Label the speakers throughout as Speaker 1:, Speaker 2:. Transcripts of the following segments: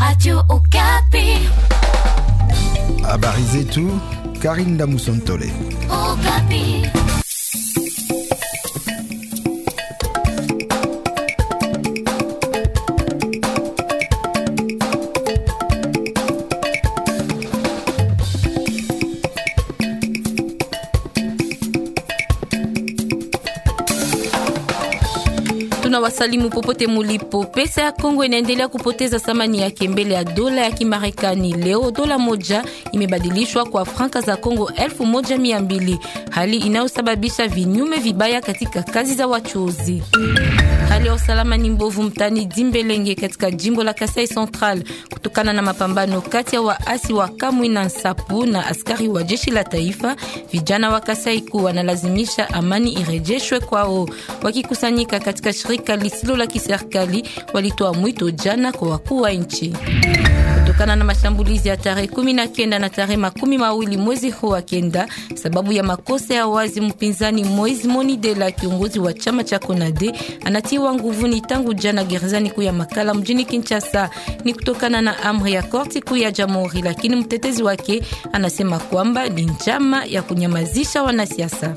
Speaker 1: Radio Okapi.
Speaker 2: bariser tout, Karine Damoussantole
Speaker 1: Okapi. tunawasalimu popote mulipo. Pesa ya Kongo inaendelea kupoteza thamani yake mbele ya dola ya Kimarekani. Leo dola moja imebadilishwa kwa franka za Kongo elfu moja mia mbili, hali inayosababisha vinyume vibaya katika kazi za wachuuzi. Hali ya usalama ni mbovu mtani Dimbelenge katika jimbo la Kasai Central kutokana na mapambano kati ya waasi wa kamwi na Nsapu na askari wa jeshi la taifa. Vijana wa Kasai Kuu wanalazimisha amani irejeshwe kwao. Wakikusanyika katika shirika lisilo la kiserikali, walitoa mwito jana kwa wakuu wa nchi kutokana na mashambulizi ya tarehe kumi na kenda na tarehe makumi mawili mwezi huu wa kenda, sababu ya makosa ya wazi. Mpinzani Moise Monidela, kiongozi wa chama cha Konade, anatiwa nguvuni tangu jana gerezani kuu ya Makala mjini Kinshasa. Ni kutokana na amri ya korti kuu ya jamhuri, lakini mtetezi wake anasema kwamba ni njama ya kunyamazisha wanasiasa.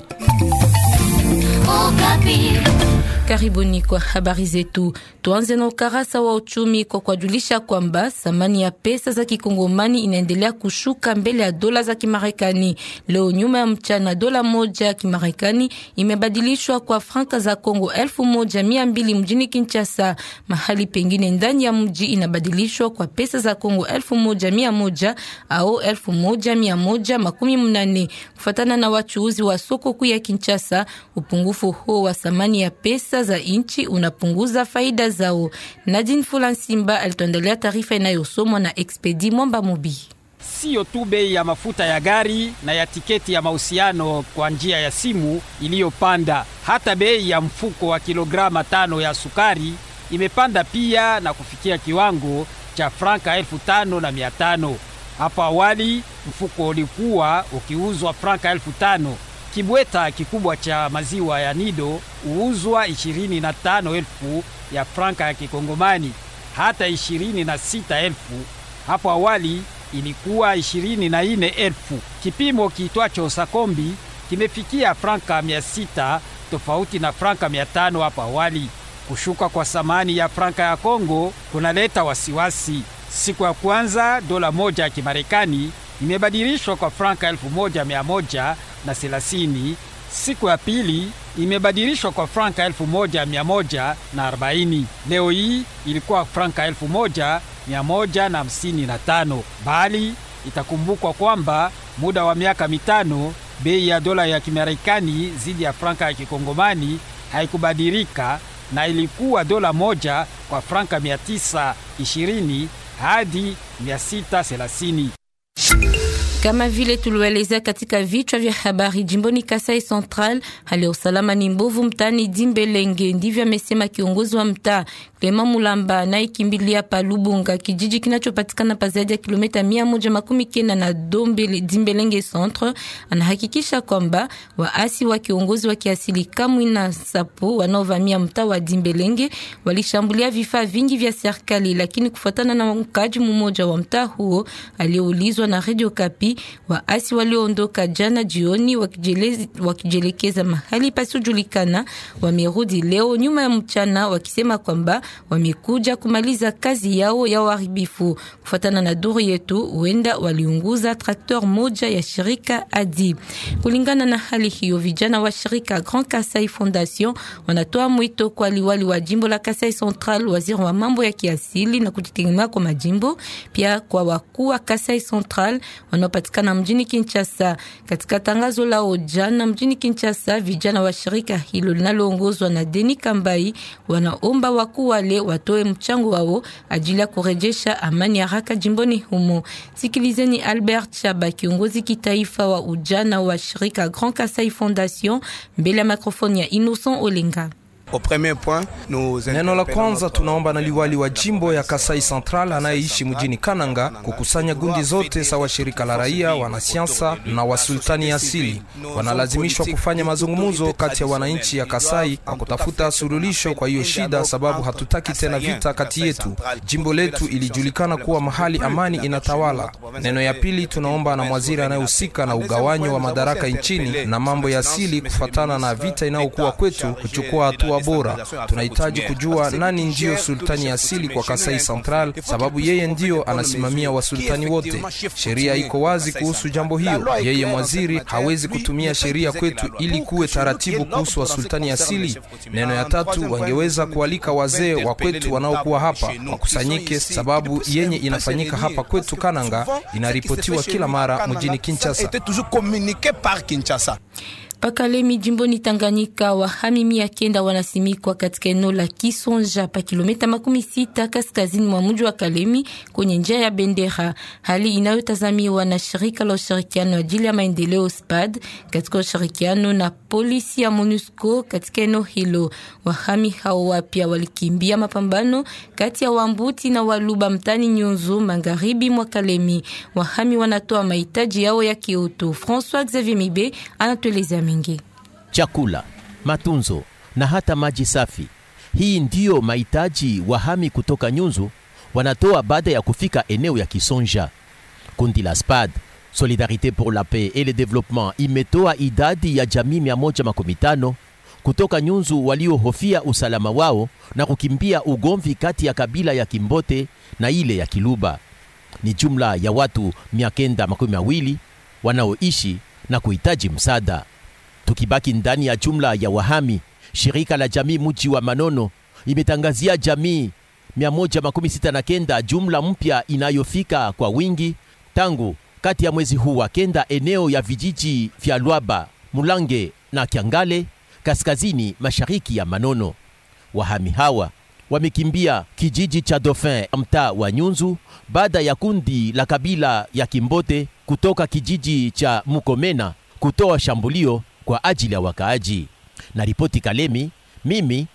Speaker 1: Karibuni kwa habari zetu. Tuanze na ukarasa wa uchumi kwa kuwajulisha kwamba thamani ya pesa za kikongomani inaendelea kushuka mbele ya dola za Kimarekani. Leo nyuma ya mchana, dola moja ya Kimarekani imebadilishwa kwa franka za Kongo elfu moja mia mbili mjini Kinshasa. Mahali pengine ndani ya mji inabadilishwa kwa pesa za Kongo elfu moja mia moja au elfu moja mia moja makumi mnane kufatana na wachuuzi wa soko kuu ya Kinshasa. Upungufu huo wa thamani ya pesa pesa za nchi unapunguza faida zao. Nadin Fulan Simba alituandalia taarifa inayosomwa na Expedi Mwamba Mubi.
Speaker 3: Siyo tu bei ya mafuta ya gari na ya tiketi ya mahusiano kwa njia ya simu iliyopanda, hata bei ya mfuko wa kilograma tano ya sukari imepanda pia na kufikia kiwango cha franka elfu tano na mia tano. Hapo awali mfuko ulikuwa ukiuzwa franka elfu tano Kibweta kikubwa cha maziwa ya Nido huuzwa 25,000 elfu ya franka ya kikongomani hata 26,000. elfu. Hapo awali ilikuwa 24,000. elfu. Kipimo kiitwacho Sakombi kimefikia franka 600 tofauti na franka 500 hapo awali. Kushuka kwa thamani ya franka ya Kongo kunaleta wasiwasi. Siku ya kwanza dola moja ya Kimarekani imebadilishwa kwa franka 1100 na thelathini. Siku ya pili imebadilishwa kwa franka elfu moja mia moja na arobaini. Leo hii ilikuwa franka elfu moja mia moja na hamsini na tano, bali itakumbukwa kwamba muda wa miaka mitano bei ya dola ya Kimarekani zidi ya franka ya Kikongomani haikubadilika na ilikuwa dola moja kwa franka 920 hadi 630
Speaker 1: kama vile tuliwaelezea katika vichwa vya habari jimboni Kasai Central, hali ya usalama ni mbovu mtaani Dimbelenge, ndivyo amesema kiongozi wa mtaa. Clement Mulamba anayekimbilia pa Lubunga, kijiji kinachopatikana pa zaidi ya kilomita mia moja makumi kenda na Dombele Dimbelenge Centre, anahakikisha kwamba waasi wa kiongozi wa kiasili Kamwina Sapo wanaovamia mtaa wa Dimbelenge walishambulia vifaa vingi vya serikali, lakini kufuatana na mkaji mmoja wa mtaa huo aliyeulizwa na Radio Kapi, waasi walioondoka jana jioni wakijelekeza mahali pasijulikana wamerudi leo nyuma ya mchana wakisema kwamba wamekuja kumaliza kazi yao ya uharibifu. Kufuatana na duru yetu, huenda waliunguza traktor moja ya shirika Adi. Kulingana na hali hiyo, vijana wa shirika Grand Kasai Fondation wanatoa mwito kwa liwali wa jimbo la Kasai Central, waziri wa mambo ya kiasili na kujitegemea kwa majimbo, pia kwa wakuu wa Kasai Central wanaopatikana mjini Kinshasa. Katika tangazo lao jana mjini Kinshasa, vijana wa shirika hilo linaloongozwa na Deni Kambai wanaomba wakuu wa wale watoe mchango wao ajili ya kurejesha amani haraka jimboni humo. Sikilizeni Albert Chaba, kiongozi kitaifa wa ujana wa shirika Grand Kasai Fondation, mbele ya mikrofoni ya Innocent Olenga.
Speaker 2: Neno la kwanza tunaomba na liwali wa jimbo ya Kasai Central anayeishi mjini Kananga kukusanya gundi zote za shirika la raia, wanasiasa na wasultani asili. Wanalazimishwa kufanya mazungumzo kati ya wananchi ya Kasai kwa kutafuta suluhisho kwa hiyo shida, sababu hatutaki tena vita kati yetu. Jimbo letu
Speaker 3: ilijulikana
Speaker 2: kuwa mahali amani inatawala. Neno ya pili tunaomba na mwaziri anayehusika na ugawanyo wa madaraka nchini na mambo ya asili, kufuatana na vita inayokuwa kwetu, kuchukua hatua bora. Tunahitaji kujua nani ndiyo sultani asili kwa Kasai Central, sababu yeye ndiyo anasimamia wasultani wote. Sheria iko wazi kuhusu jambo hiyo. Yeye mwaziri hawezi kutumia sheria kwetu ili kuwe taratibu kuhusu wasultani asili. Neno ya tatu, wangeweza kualika wazee wa kwetu wanaokuwa hapa wakusanyike, sababu yenye inafanyika hapa kwetu Kananga inaripotiwa kila mara mjini Kinshasa.
Speaker 1: Pakalemi jimboni Tanganyika, wahami mia kenda wanasimikwa katika eneo la Kisonja pa kilomita makumi sita kaskazini mwa mji wa Kalemi kwenye njia ya bendera, hali inayotazamiwa na shirika la ushirikiano ajili ya maendeleo SPAD katika ushirikiano na polisi ya MONUSCO katika eneo hilo. Wahami hao wapya walikimbia mapambano kati ya Wambuti na Waluba mtani Nyunzu, magharibi mwa Kalemi. Wahami wanatoa mahitaji yao ya kiutu. François Xavier Mibe anatueleza mingi,
Speaker 4: chakula, matunzo na hata maji safi. Hii ndiyo mahitaji wahami kutoka Nyunzu wanatoa baada ya kufika eneo ya Kisonja. Kundi la SPAD Solidarite pour la Paix et le Développement imetoa idadi ya jamii 115 kutoka Nyunzu waliohofia usalama wao na kukimbia ugomvi kati ya kabila ya Kimbote na ile ya Kiluba. Ni jumla ya watu 920 wanaoishi na kuhitaji msaada. Tukibaki ndani ya jumla ya wahami, shirika la jamii mji wa Manono imetangazia jamii 169 jumla mpya inayofika kwa wingi tangu kati ya mwezi huu wa kenda, eneo ya vijiji vya Lwaba, Mulange na Kiangale, kaskazini mashariki ya Manono. Wahami hawa wamekimbia kijiji cha Dauphin, mtaa wa Nyunzu, baada ya kundi la kabila ya Kimbote kutoka kijiji cha Mukomena kutoa shambulio kwa ajili ya wakaaji. Na ripoti Kalemi, mimi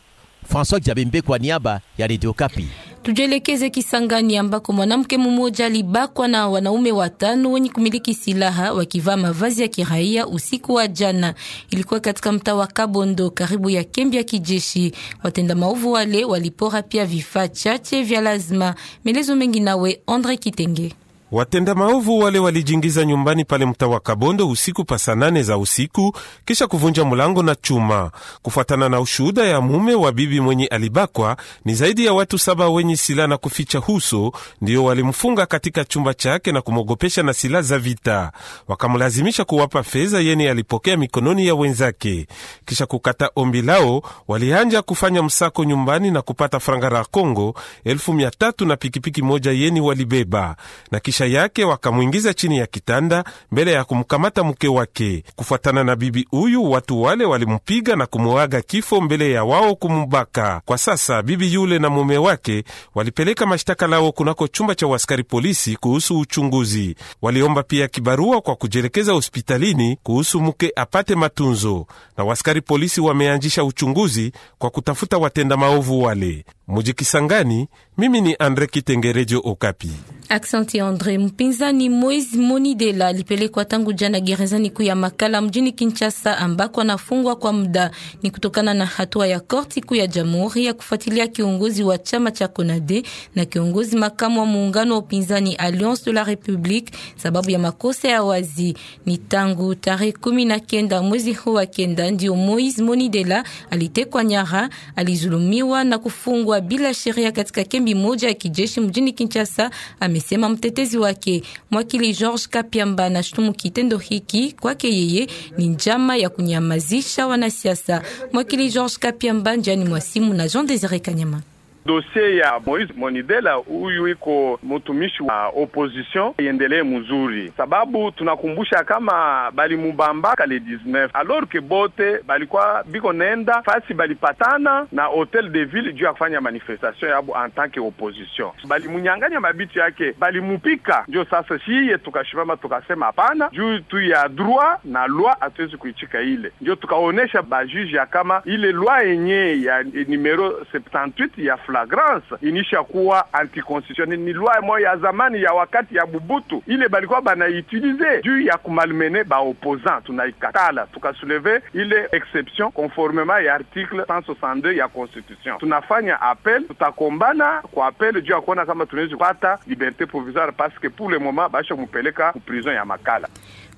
Speaker 4: François Jabembe kwa niaba ya Radio Kapi.
Speaker 1: Tujelekeze Kisangani ambako mwanamke mmoja alibakwa na wanaume watano wenye kumiliki silaha wakivaa mavazi ya kiraia usiku wa jana. Ilikuwa katika mtaa wa Kabondo karibu ya kembi ya kijeshi. Watenda maovu wale walipora pia vifaa chache vya lazima. Melezo mengi nawe Andre Kitenge.
Speaker 5: Watenda maovu wale walijingiza nyumbani pale mtaa wa Kabondo usiku pasa nane za usiku, kisha kuvunja mlango na chuma. Kufuatana na ushuhuda ya mume wa bibi mwenye alibakwa, ni zaidi ya watu saba wenye silaha na kuficha huso, ndiyo walimfunga katika chumba chake na kumwogopesha na silaha za vita. Wakamlazimisha kuwapa fedha yeni alipokea mikononi ya wenzake. Kisha kukata ombi lao, walianja kufanya msako nyumbani na kupata franga la Kongo elfu mia tatu na pikipiki moja yeni walibeba na kisha maisha yake, wakamwingiza chini ya kitanda mbele ya kumkamata mke wake. Kufuatana na bibi huyu, watu wale walimupiga na kumuaga kifo mbele ya wao kumubaka. Kwa sasa bibi yule na mume wake walipeleka mashtaka lao kunako chumba cha waskari polisi kuhusu uchunguzi. Waliomba pia kibarua kwa kujielekeza hospitalini kuhusu mke apate matunzo, na waskari polisi wameanzisha uchunguzi kwa kutafuta watenda maovu wale. Mujikisangani, mimi ni Andre Kitengerejo Okapi.
Speaker 1: Aksanti Andre. Mpinzani Moise Monidela alipelekwa tangu jana gerezani kuu ya Makala mjini Kinshasa, ambako anafungwa kwa muda. Ni kutokana na hatua ya korti kuu ya jamhuri ya kufuatilia kiongozi wa chama cha Konade na kiongozi makamu wa muungano wa upinzani Alliance de la Republique sababu ya makosa ya wazi. Ni tangu tarehe kumi na kenda mwezi huu wa kenda ndio Moise Monidela alitekwa nyara, alizulumiwa na kufungwa bila sheria katika kambi moja ya kijeshi mjini Kinshasa. Ame amesema mtetezi wake. Mwakili George Kapiamba anashutumu kitendo hiki kwake yeye ni njama ya kunyamazisha wanasiasa. Mwakili George Kapiamba njani mwasimu na Jean Desire Kanyama
Speaker 6: dosie ya Moise Monidela, huyu iko mtumishi wa opposition, iendelee mzuri, sababu tunakumbusha kama balimubambaka le 19 alors que bote balikuwa biko nenda fasi balipatana na hotel de ville juu ya kufanya manifestation yabo en tant que opposition, balimunyanganya mabitu yake, balimupika. Ndio sasa shiye tukashimama tukasema hapana, juu tu ya droit na loi hatuwezi kuichika ile. Ndio tukaonesha bajuji ya kama ile loi yenye ya numero 78 ya fla la grance inishakuwa anticonstitutionnel. Ni loi moya ya zamani ya wakati ya Bubutu, ile balikuwa banaiutilize juu ya kumalmene baopozant. Tunaikatala, tukasuleve ile exception conformement ya article 162 ya constitution. Tunafanya appel, tutakombana kwa appel juu ya kuona kama tunaweza kupata liberte provisoire, parce que pour le moment basha kumupeleka ku prison ya Makala.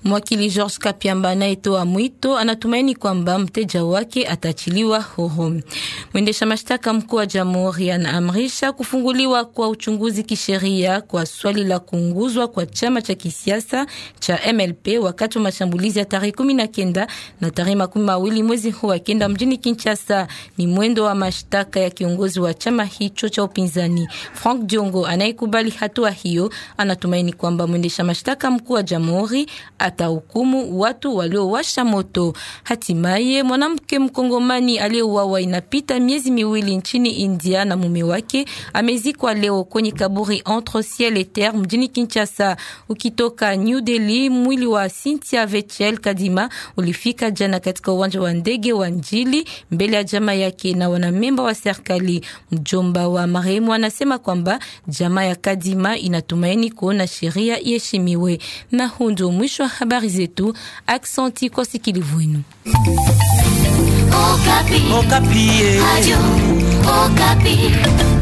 Speaker 1: Mwakili George Kapiamba anayetoa mwito anatumaini kwamba mteja wake atachiliwa huru. Mwendesha mashtaka mkuu wa jamhuri anaamrisha kufunguliwa kwa uchunguzi kisheria kwa swali la kuunguzwa kwa chama cha kisiasa cha MLP wakati wa mashambulizi ya tarehe 19 na tarehe 20 mwezi huu wa kenda mjini Kinshasa. Ni mwendo wa mashtaka ya kiongozi wa chama hicho cha upinzani. Frank Diongo anayekubali hatua hiyo anatumaini kwamba mwendesha mashtaka mkuu wa jamhuri atahukumu watu waliowasha moto. Hatimaye mwanamke mkongomani aliyeuawa inapita miezi miwili nchini India na mume wake amezikwa leo kwenye kaburi entre ciel et terre mjini Kinshasa. Ukitoka New Delhi, mwili wa Cynthia Vechel Kadima ulifika jana katika uwanja wa ndege wa Njili mbele ya jamaa yake na wanamemba wa serikali. Mjomba wa marehemu anasema kwamba jamaa ya Kadima inatumaini kuona sheria iheshimiwe na hundo mwisho habari zetu. Aksanti kwa sikilivu wenu.
Speaker 4: Okapi. Okapi. Eh.